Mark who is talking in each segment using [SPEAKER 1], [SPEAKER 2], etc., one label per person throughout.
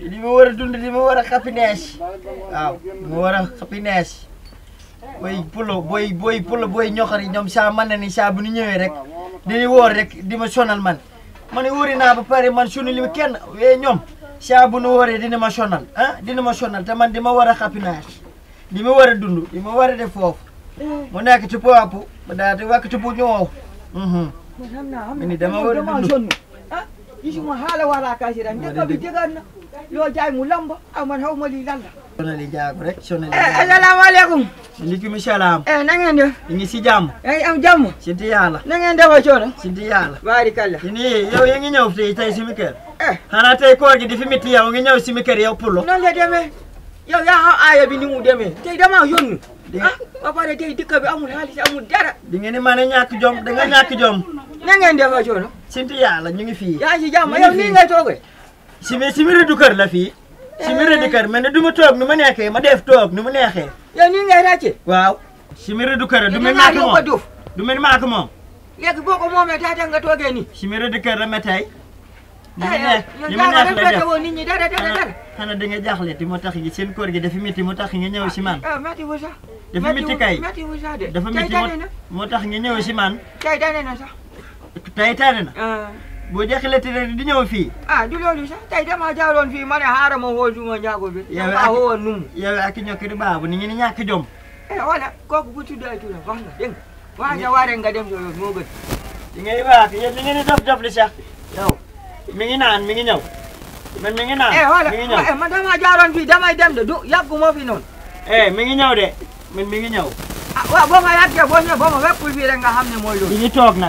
[SPEAKER 1] li ma war a dund li ma war a happiness waaw li ma war a happiness booy pulo booy booy pulo booy ñoxor yi ñoom saa man na ni saa bu ñu ñëwee rek dañuy woor rek di ma sonal man man wóori naa ba pare man sunu li kenn wee eh, ñoom saa bu nu wooree dina ma ah dina ma sonal te man di ma war a happiness li ma war a dund li ma war a def foofu mu nekk ci pop ba daal di bu ñëwoo. man mhm. xam naa dama war a dund. yiji mo haala wala kasira ndeka mi diganno yo jaay mo lamba aman haw mali lalla sonali jaago a sonali eh assalamu aleykum ndikumi salam eh na a def ñi si jàmm ay eh, am jàmm sinti yàlla na ngeen defoo coono sinti yàlla barikalla a yow ya ngi ñëw fii tey simi kër eh xanaa tey koor gi di fi mitti yow ngi ñëw simi kër yow pulo noonu la a yow yaa xam aaya bi ni mu demee tey dama yónni ah ba pare tey dëkk bi amul xaalis amul dara di ngeen ni mën a ñàkk jom da nga ñàkk na ngeen def ak coono. sant yàlla ñu ngi fii. yaa ngi ci jàmm yow nii ngay toogee. simi simiri du kër la fii. simiri du kër mais ne du ma toog nu ma nekkee ma def toog nu ne neexee. yow nii ngay ràcce. waaw simiri du kër du mel maak moom du mel maak moom. léegi boo ko moomee taa nga toogee nii. simiri du kër la ma tey. li mu eh, neex li mu neex la def nit ñi dara dara dara. xanaa da nga jaaxle ti moo tax gi seen koor gi dafa métti moo tax nga ñëw si man. ah eh, métti wu de. dafa moo tax nga ñëw si man. tey dane na sax. tey tane na. Ah. boo jeexalee te di ñëw fii. ah du loolu sax tey damaa jaaroon fii ma ne xaaral ma woo Juma Njaago bi. yow ak yow numu. yow ak ñokkiri baabu ni ñu ni ñàkk jom. eh voilà kooku ku tudd ay turam wax nga dégg nga. waa nga waaree nga dem yooyu moo gën. di ngay waat yéen mi ngi naan mi ngi ñëw. man mi ngi naan eh, mi ngi ñëw eh fi noonu. eh mi ngi ñëw de mi ngi ñëw. ah waaw boo ma yàggee boo ñëw boo ma wekkul fii rek nga xam ne mooy loolu.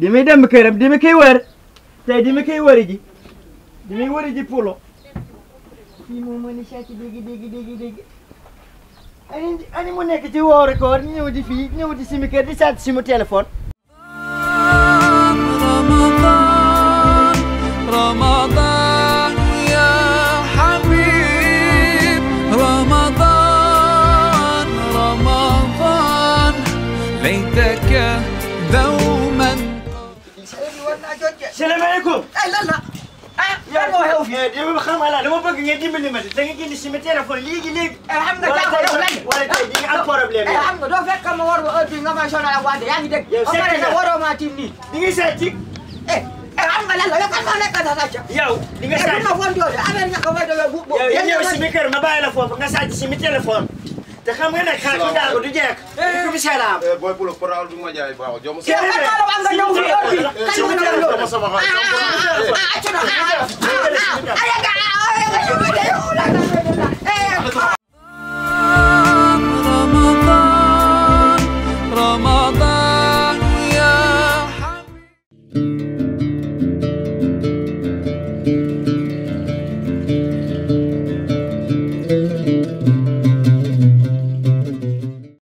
[SPEAKER 1] di muy dem këram di mu koy wër tey di mu koy wëri ji di muy wëri pulo kii moom mën a sàcc dégg dégg dégg dégg ani ani mu nekk ci wooru koor ñëw di fii ñëw di simi kër di sàcc si mu téléphone
[SPEAKER 2] salaamaaleykum. ay lan la ah lan moo xew fii. dama xamal
[SPEAKER 1] la dama bëgg ngeen dimbali ma da nga génn si ma téléphone léegi léegi. xam nga daa ko def lenn wala tey di nga am problème yi. xam nga doo fekk ma war ma heure bii nga ma sonal ak wànde yaa ngi dégg. yow seet na nga waroo maa tiim nii. di nga seet ci. eh xam nga lan la yow kan moo nekk na sàcc. yow di nga sàcc te bu ma foon doole affaire ñàkk a fay doole bu. yow yow si mi kër ma bàyyi la foofu nga sàcc si mi téléphone. te xam nga nag xaalis bu jaar ko du jekk. ku fi seeraam. booy bu la portable bi ma jaay baaxul jom. kii bi kàlla am nga ñëw fii heure bii. kàlla